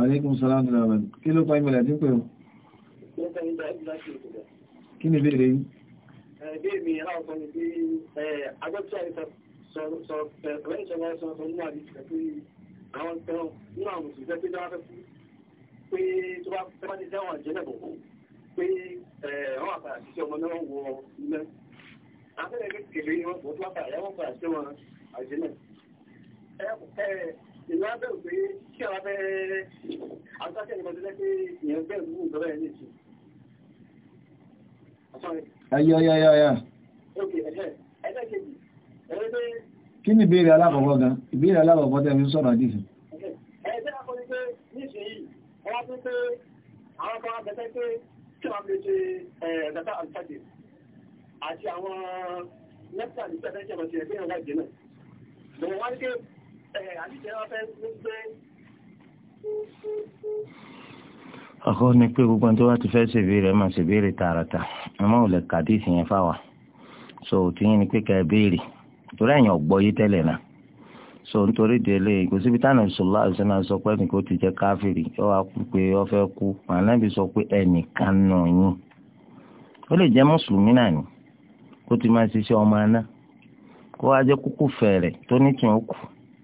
Speaker 2: aleykum
Speaker 1: salaam alaykum kí ló pa ìmọ̀lẹ̀ dín pé o. kí ni ìbéèrè yín. ìbéèrè mi
Speaker 3: yàrá ọ̀sán ni bí agbẹ́tí àìsàn sọ̀rọ̀ sọ̀rọ̀ pẹ̀lú ìṣẹ̀lẹ̀ sọ̀rọ̀ nínú àdìsí pé tó bá tó bá ti dáwọn àjẹlẹ̀ bọ̀ pé wọ́n wà padà ṣiṣẹ́ ọmọ náà wọ iná. Afẹ́lẹ́ ní kèlé ni wọ́n tó bá padà yẹ́wọ́n padà ṣe wọn àjẹlẹ̀. Ẹ ìlú abẹ́rù pé kí àwọn abẹ́ àtúntàṣẹ́ ìgbà tó pé ìyẹn bẹ́ẹ̀ mú ìjọba ẹ̀
Speaker 1: Kí ni ìbéèrè alákọ̀ọ́kọ́ gan? Ìbéèrè alákọ̀ọ́kọ́ tẹ́ fi sọ̀rọ̀ àdìsí.
Speaker 4: Ẹ̀ẹ́dẹ́ akọni pé níṣìí wọ́n tún pé
Speaker 3: àwọn kan gẹ́gẹ́ pé kí wọ́n lè ṣe ẹ̀ẹ́dẹ́ta àǹtàjì àti àwọn mẹ́ta ní sẹ́fẹ́ ṣẹ̀fọ́ ṣe ẹ̀fẹ́ ìrọ̀lá ìdènà lọ́wọ́ wá ní pé
Speaker 4: àdíjẹ́ wọn fẹ́ ní pé.
Speaker 2: àkọ́kọ́ ni pé gbogbo tó ti fẹ́ máa tààràtà ò lè yẹn fáwa so tìyẹn ni pé ká ẹ béèrè torí náà so nítorí délé kò síbi táwọn ìṣòlá ìṣúná sọ pé ẹnì kò ti jẹ káfíìrì ó wá kú pé ó fẹ́ kú ànábì sọ pé ẹnìkan nù yín ó lè jẹ́ mùsùlùmí náà ni kó ti máa ṣiṣẹ́ ọmọ aná kó wá jẹ́ kúkú fẹ̀rẹ̀ tó ní tìǹ kù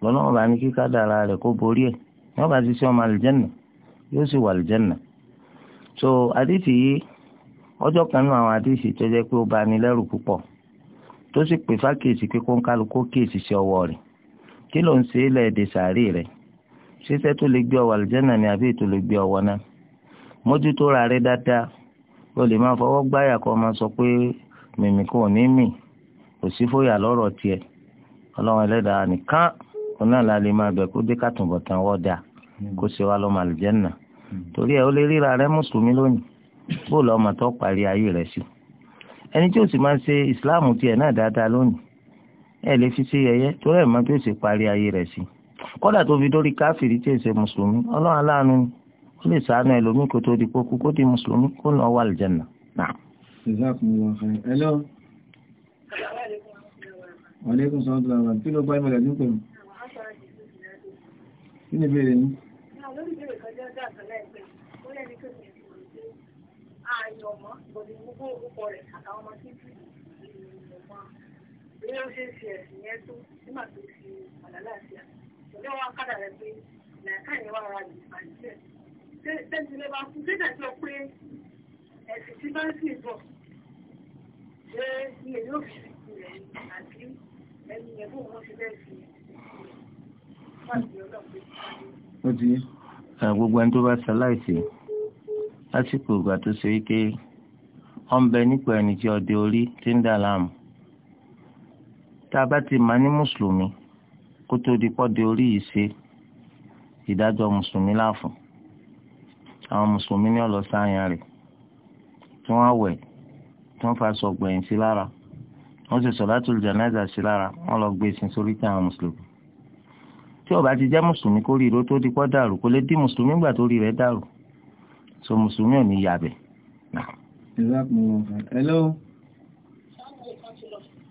Speaker 2: lọ́nà ọba ní kíkà dára rẹ̀ kó borí ẹ̀ ní ọba ṣiṣẹ́ ọmọ àlùjẹ́nà yóò sì wà àlùjẹ́nà so àdìsí yìí ọjọ́ kan nínú àwọn àdìsí tó jẹ́ pé ó bani lẹ́rù púpọ̀ tó sì pè fákèsì pé kó ń kálukó kèsì sí ọwọ́ rẹ̀ kí ló ń ṣe lẹ́ẹ̀dẹ̀ sàárè rẹ̀ ṣíṣẹ́ tó lè gbé ọ wọ àlùjánnà ni àbí ètò lè gbé ọ wọ náà mójútó ra rẹ dáadáa o lè máa fọwọ́ gbáyà kó máa sọ pé mìmì kò ní mì kò sí fòyà lọ́rọ̀ tiẹ̀ ọlọ́run ẹlẹ́dàá nìkan òun náà la lè máa bẹ̀ kó dé kàtúbọ̀tán wọ́ da kó ṣe wá lọ́mọ àlùjánnà torí ẹ̀ o lè ríra rẹ mùsùlùmí lónìí bó lọ́mọ tó parí ayé rẹ̀ sí ẹni tí ó sì máa ṣe ìsìláàmù tiẹ̀ náà dáadáa lónìí ẹ lè fi ṣe yẹ̀yẹ́ torí ẹ̀ mọ̀ bí ó ṣe parí ayé rẹ̀ sí kódà tó fi dórí káfíìrì tí èsè mùsùlùmí ọlọ́run aláàánú ó lè ṣàánú ẹlòmíì kó tó di kókó kó di mùsùlùmí kó lọ wà lìjẹ̀nà náà. hello.
Speaker 1: wàlẹ́kùn
Speaker 4: bí ó ṣe fi ẹ̀sìn yẹn tó nígbà tó fi àlàlà sí à ṣọlẹ́ wa kádà rẹ pé nàìjíríà yẹn wà ra àìsẹ̀ ṣé tẹ́tìlẹ́ bá kú ṣé dàjọ pé ẹ̀sìn tí bá ń sì bọ̀ ṣé ilé yóò fi ìpìlẹ̀ àti ẹni yẹn fún wọn ṣe bẹ́ẹ̀ fi
Speaker 2: ó ti gbogbo ẹni tó bá ṣaláìsí lásìkò ìgbà tó ṣe wípé ọ ń bẹ nípa ẹni tí ọdẹ orí ti ń dà láàmú tá a bá ti mà ní mùsùlùmí kó tó di pọ́de orí yìí ṣe ìdájọ́ mùsùlùmí láàfún àwọn mùsùlùmí ní ọlọ́sàáyàn rẹ̀ tí wọ́n wẹ̀ tí wọ́n faṣọ gbẹ̀yìn sí lára wọ́n sì sọ̀látùl jánásà sí lára wọ́n lọ gbé sin sórí tí àwọn mùsùlùmí tí ó bá ti jẹ́ mùsùlùmí kó rí ìró tó di pọ́ dàrú kó lè di mùsùlùmí gbà tó rí rẹ̀ dàrú so mùsùlùmí ò ní yàbẹ̀.
Speaker 1: hello.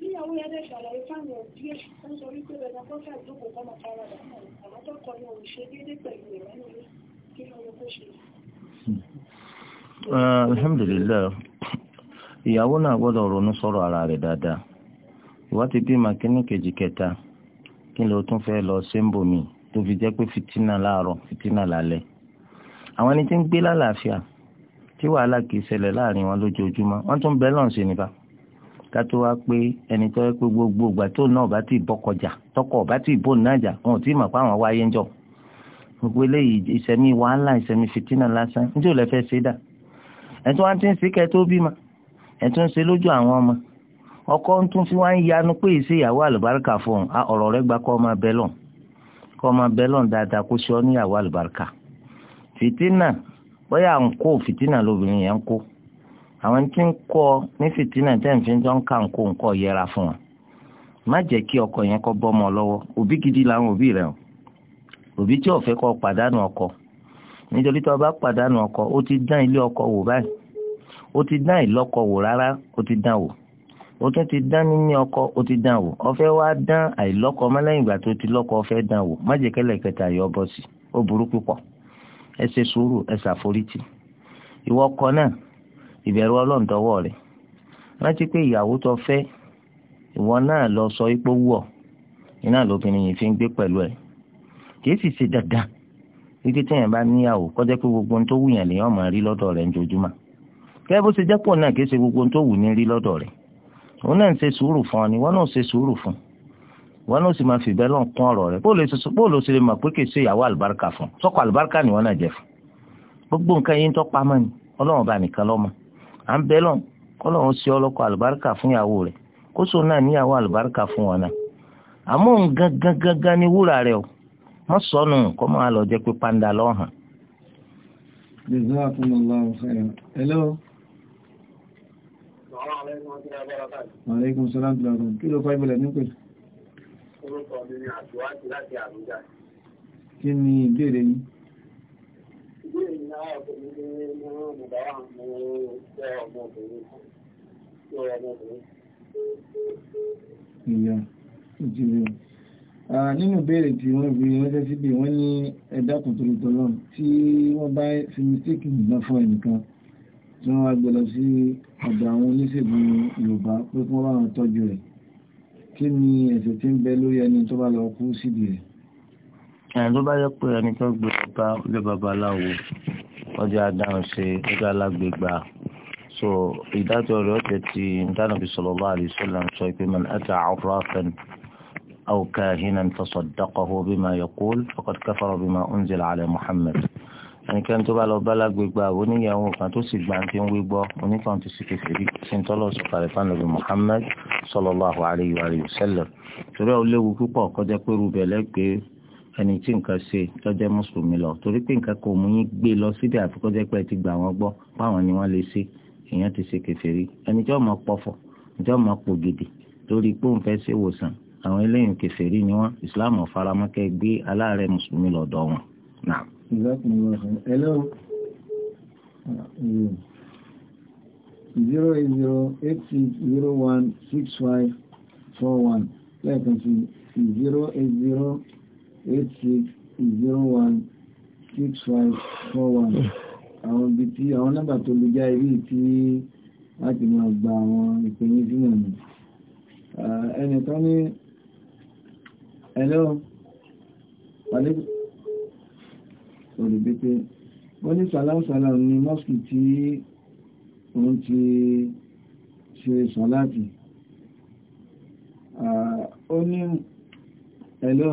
Speaker 4: níyàwó yẹn lè ṣàlàyé fáwọn òbí èṣù tó ń sọ wípé ẹ̀dá pọ́fẹ́ àdókò kọ́mọ farada àwọn tó kọ ní òun ṣe déédé pẹ̀lú ẹ̀rọ nílé kí ni ọmọ kó ṣe. Hmm.
Speaker 2: Eh, alhamdulillah ìyàwó náà gbọ́dọ̀ ronú sọ̀rọ̀ ara rẹ̀ dáadáa ìwà ti bí màkínní kejì kẹta kí ló tún fẹ́ lọ séńbò mi tó fi jẹ́ pé fìtínà láàárọ̀ fìtínà lálẹ́ àwọn ẹni tí ń gbé lálàáfíà tí wàhálà kì í ṣẹlẹ̀ láàrin wọn lójoojúmọ́ wọ́n tún bẹ́ẹ̀ lọ́n sí nípa kátó wá pé ẹni tó yẹ pé gbogbo ìgbà tó náà bá ti tọkọ bá ti bò nájà wọn ò tí ì mọ̀ pé àwọn wáyé ń jọ gbogbo eléyìí ìṣẹ̀mí wàhálà ìṣẹ̀mí fìtínà lásán níjẹ́ ò lè fẹ́ ṣe dà wá ti ń ọkọ ń tún fi wá ń yanu pé ìṣe ìyàwó àlùbáríkà fún ọ̀rọ̀ rẹ̀ gba kọ́ ọmọ àwọn tí ń kọ́ ní fìtínà tẹ́ ń fi jọ ń kà ń kó nǹkan yẹra fún wa má jẹ́ kí ọkọ yẹn kọ́ bọ́mọ lọ́wọ́ òbí gidi làwọn òbí rẹ̀ o òbí tí ò fẹ́ kọ́ pàdánù ọkọ nítorí tó o bá pàdánù ọkọ ó ti dán ilé ọkọ wò báyìí ó ti dán ìlọ́kọ wò rárá ó ti dán wò ó tún ti dán níní ọkọ ó ti dán wò ọfẹ́ wá dán àìlọ́kọ mọ́lẹ́yìn ìgbà tó ti lọ́kọ ọfẹ́ dán wò má jẹ́ kẹ́lẹ̀ kẹta ìbẹ̀rù ọlọ́run tọwọ́ rẹ̀ rántí pé ìyàwó tó fẹ́ ìwọ náà lọ sọ ipò wọ̀ iná lóbìnrin yìí fi ń gbé pẹ̀lú ẹ̀ kìí sì ṣe dandan wípé téèyàn bá níyàwó kọjá pé gbogbo ohun tó wù yàn lèèyàn máa rí lọ́dọ̀ rẹ̀ njojúmọ́ kẹ́ẹ́ bó ṣe jẹ́ pọ̀ náà kìí ṣe gbogbo ohun tó wù ní rí lọ́dọ̀ rẹ̀ òun náà ń ṣe sùúrù fún ọ ni wọ́n náà ṣe sùúrù fún wọ́n náà sì máa fìbẹ́ lọ́n kún ọ̀rọ̀ rẹ̀ bóòlù ṣe lè mọ̀ pé kìí ṣe ìyàwó àlùbáríkà fún sọ́kọ̀ àlùbáríkà ni wọ́n náà jẹ fún gbogbo nǹkan yìí ń tọ́pa mọ́ ni ọlọ́run bá nìkan lọ́mọ́ à ń bẹ́lọ̀ kọ́lọ́run sí ọlọ́kọ àlùbáríkà fún ìyàwó rẹ̀ kó sóun náà níyàwó àlùbáríkà fún wọn náà àmọ́ òun gangan gangan ni wúrà rẹ̀ o wọ́n sọnù kọ́ máa lọ jẹ́ pé pàǹdà lọ́hàn.
Speaker 1: hello. Àlékún sọ́lá ti lọ́rùn. Kí ló fà ìbẹ̀lẹ̀ nípè?
Speaker 3: Orúkọ mi ni àtúwájú láti Àbújá.
Speaker 1: Kí ni ìbéèrè yìí?
Speaker 3: ìwé ìrìnà ọkùnrin ní mú mùbáwá mú ṣe ọmọbìnrin ṣe ọmọbìnrin.
Speaker 1: ìyá ìjìnlẹ̀ nínú ìbéèrè tí wọ́n fi ránṣẹ́ síbi wọ́n ní ẹ̀dá kòtòrò tọ́lọ́ tí wọ́n bá fi mistake nígbà fún ẹnìkan tí wọ́n wá gbé lọ sí ọ̀dọ̀ àwọn oníṣègùn Yorùbá pé kí wọ́n bá wọn tọ́jú rẹ̀ kí ni ẹ̀ṣẹ̀ tí ń bẹ lórí ẹni tó bá lọ kú síbi rẹ̀
Speaker 2: ẹni tó bá yẹ pé ẹni tó gbé bá lé babaláwo ọjà adáhùn ṣe ọjà alágbègbà so ìdájọ́ rẹ̀ ọ̀tẹ̀ ti ìdánàbí sallallahu alaihi wasallam sọ pé man ata arrafan aw kahinan fasaddaqahu bima yaqul faqad kafara bima unzila ala Muhammad ẹnikẹ́ni tó bá lọ bá lágbègbè àwọn oníyàwó kan tó sì gbà ń fi ń wí gbọ́ oníkan ti sì kẹfẹ́ rí sí ń tọ́lọ̀ sọ kàlẹ́fà nàbì Muhammad sallallahu alaihi wa sallam torí ó léwu púpọ̀ kọjá pé rúbẹ̀ lẹ́gbẹ̀ẹ́ ẹni tí nǹkan ṣe tọ́jẹ́ mùsùlùmí lọ torí pé nǹkan kò mú yín gbé lọ síbẹ̀ àfi kó jẹ́ pé ẹ ti gbà wọ́n gbọ́ báwọn ni wọ́n lè ṣe èèyàn ti ṣe kèfèrí ẹni tí wọ́n mọ̀ pọ̀fọ̀ ẹni tí wọ́n mọ̀ pògìdì torí pé òun fẹ́ ṣe wòsàn àwọn eléyìí kèfèrí ni wọ́n Islam ọ̀faramọ́kẹ́ gbé aláàárẹ̀ mùsùlùmí lọ́dọ̀ wọn.
Speaker 1: zero eight zero eight six zero one six five four one lẹ́ẹ̀kan sí zero eight zero. 86016541 àwọn ibi tí àwọn nọ́mbà tó lè já ibi tí láti máa gba àwọn ìpèyìn sí ọ̀nà ẹnìkan ní ẹ̀lọ́ olùgbẹ́pẹ́ wọ́n ní sàlámsàlá ní mọ́sùkì tí òun ti ṣe sọ́láàtì ó ní ẹ̀lọ́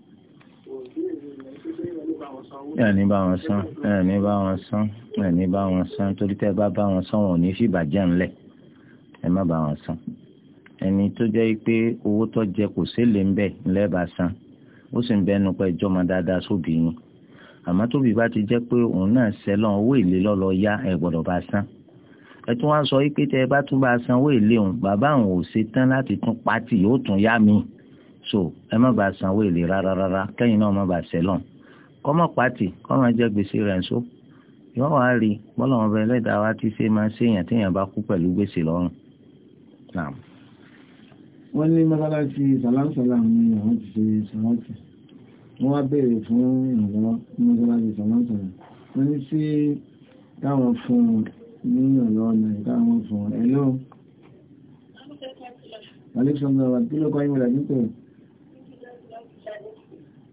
Speaker 2: ẹ̀ẹ̀ni bá wọn san ẹ̀ẹ̀ni bá wọn san ẹ̀ẹ̀ni bá wọn san torí tẹ́ bá bá wọn san wọn ò ní fìbàjẹ́ ńlẹ̀ ẹ má bá wọn san ẹni tó jẹ́ pé owó tó jẹ kò séle ń bẹ̀ ńlẹ́ bá san ó sì ń bẹnu pé ẹjọ́ máa dáadáa sóbì yín àmọ́ tóbi bá ti jẹ́ pé òun náà sẹ́lọ̀ owó èlé lọ́lọ́ yá ẹ̀ gbọ́dọ̀ bá san ẹ tún wá sọ pé tẹ́ bá tún bá san owó èlé òun bàbá òun ò ṣetán láti tún pátì yóò tún yá mi so ẹ má bàa sanwó èlé rárá rárá kẹ́yìn náà má bàa sẹ́lọ̀n kọ́mọ pàtì kọ́mọ jẹ́ gbèsè rẹ̀ ń so yọ wá rí bọ́lá wọn bẹ lẹ́dàá wa ti ṣe máa ṣe èèyàn téèyàn bá kú pẹ̀lú gbèsè lọ́rùn.
Speaker 1: wọ́n ní mọ́sálásí sàlámsàlám ni àwọn ti ṣe sàlámsà wọ́n wá béèrè fún ìrànlọ́wọ́ ní mọ́sálásí sàlámsàlám wọ́n ní sí táwọn fún ní ọ̀rọ̀ ọ̀nà ìkáwọn fún ẹ̀ lọ́wọ́. alexander wa kí ló kọ́ ìwé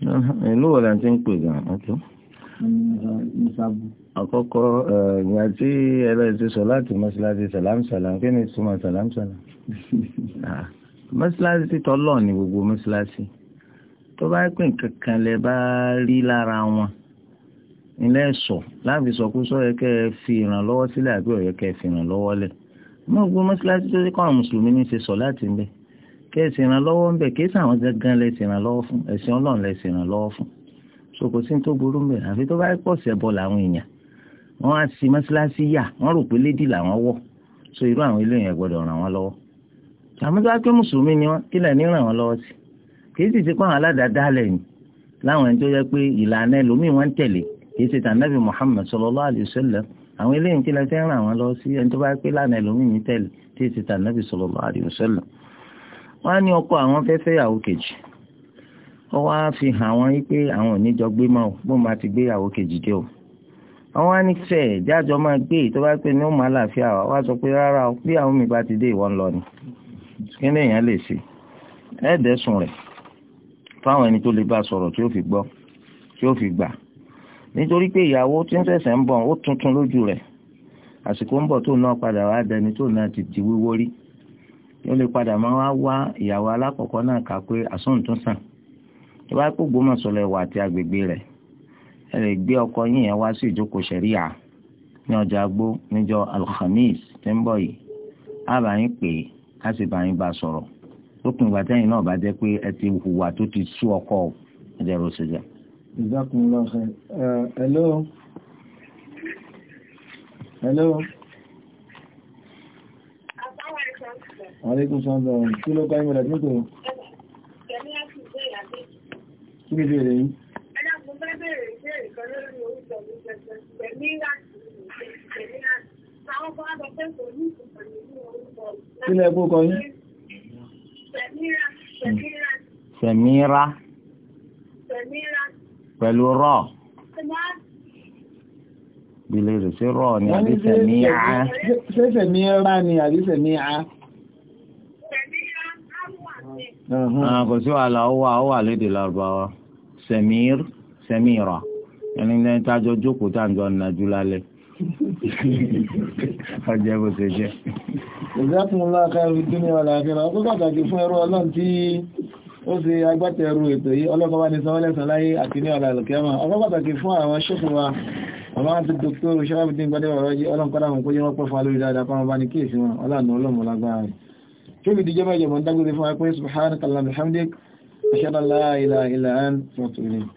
Speaker 2: ìlú wo la ti ń pè gan ọjọ. àkọ́kọ́ ìgbà tí ẹlẹ́sìn sọ láti mọ́ṣáláṣí sàlámsàlám kí ni ìtumọ̀ sàlámsàlám. Ah, mọ́ṣáláṣí tọ́lọ̀ ni gbogbo mọ́ṣáláṣí tó bá pín kankan lẹ bá rí lára wọn ilé ẹ̀sọ̀ láàbì sọ pé sọ yẹ kẹ́ ẹ fi ìrànlọ́wọ́ sílẹ̀ àbí ọ̀yẹ́ kẹ́ ẹ fi ìrànlọ́wọ́ lẹ̀. mo gbọ́ mọ́ṣáláṣí tó dé kọ́ àwọn mùsùlùmí ní ṣe sọ láti ń bẹ́ẹ̀ kẹ́ ẹ ṣèrànlọ́wọ́ ńbẹ̀ kí ẹ̀sìn àwọn gangan lẹ ṣèrànlọ́wọ́ fún ẹ̀sìn ọlọ́run lẹ ṣèrànlọ́wọ́ fún so kò sí ní tó burú ńbẹ̀ àfi tó bá pọ̀ sí ẹ̀bọ làwọn èèyàn wọ́n á sí mọ́ṣáláṣí yà wọ́n rò pé lédì làwọn wọ̀ so irú àwọn eléyìí gbọ́dọ̀ ràn wọ́n lọ́wọ́ àmọ́ tó bá pé mùsùlùmí ni wọ́n kílẹ̀ ní ràn wọ́n lọ́wọ́ sí kì í sì ti pọ́n aládàádálẹ̀ ni láwọn ẹni tó Muhammad sallallahu alaihi wasallam àwọn eléyìí kílẹ̀ fẹ́ ràn wọ́n lọ́wọ́ sí ẹni tó bá pé lánàá ẹlòmíì ní tẹ̀lé kì í wọ́n á ní ọkọ àwọn fẹ́ fẹ́ ìyàwó kejì wọ́n wá fi hàn wọ́n wípé àwọn ò ní jọ gbé mọ́ bóun bá ti gbé ìyàwó kejì dé o àwọn á ní fẹ́ jájọ máa gbé tó bá pé ní ó máa láàfin àwa wá sọ pé rárá o bí àwọn mi bá ti dé ìwọ ń lọ ni kí ni èèyàn lè ṣe ẹ̀ẹ́dẹ̀sùn rẹ̀ fáwọn ẹni tó lè bá sọ̀rọ̀ tí ó fi gbọ́ tí ó fi gbà nítorí pé ìyàwó tí ń ṣẹ̀ṣẹ̀ ń bọ̀ ó tuntun lójú rẹ̀ àsìkò ń bọ̀ tó náà padà wá dẹni tó náà ti ti wíwó yóò lè padà máa wá wá ìyàwó alákọ̀ọ́kọ́ náà kà pé àsọ̀ǹtúnsàn tó bá pò Ògbómọ̀ṣọ́ lẹ wà àti agbègbè rẹ̀ ẹ lè gbé ọkọ yín yẹn wá sí ìjókòó ṣẹ̀ríà ní ọjà agbó níjọ́ alhamis tí ń bọ̀ yìí á bá yín pè é á sì bá yín bá sọ̀rọ̀ lópin ìgbà tẹ́yìn náà bá jẹ́ pé ẹ ti hùwà tó ti sú ọkọ ẹ̀dẹ̀rọ̀ ṣèjà.
Speaker 1: ìdákùnrin lọ́sẹ̀ hello hello. Àríkún sọ́ndọ̀ kí ló ká ìmọ̀lẹ̀ tó tó? Kí ni bèèrè yìí? Kí lẹ kó kọ yín?
Speaker 2: Sẹ̀míra. Pẹ̀lú rọ̀. Bìlè rẹ̀ sí rọ̀ ni àbí sẹ̀míra. Ṣé sẹ̀míra ni àbí sẹ̀míra? Ah, kò sí wàhálà ó wà ó wà lédè lárúbáwá sẹmíìr sẹmíìrà ẹni lẹ́yìn tájọ jókòó táǹjọ nàjú lálẹ́ ọjọ́ bó ṣe jẹ́.
Speaker 1: ìjákùnlá káàrí dúnmí ọ̀là àfihàn ó pàtàkì fún ẹrú ọlọ́run tí ó ṣe agbátẹrù ètò yìí ọlọ́kọ̀ bá ní sanwó-lẹ́sàn láyé àti ní ọ̀là àlùkẹ́mà ọkọ̀ pàtàkì fún àwọn ṣẹ́fù wa àwọn àti dókítà ṣọ́rábìdín gbadẹ́wọ̀rọ̀ yìí ọlọ́nkọ́dà wọn kó yẹ wọ́n pẹ́ fún alórí dáadáa kọ́ wọn bá ní kíyèsí wọn ọlọ́run ọlọ́run lágbára rẹ̀ tó fi díjẹ́ mẹ́jọ mọ̀ dágbére fún wa pé subhanakallahumma wa bihamdik ashhadu an la ilaha illa anta astaghfiruka wa atubu ilayk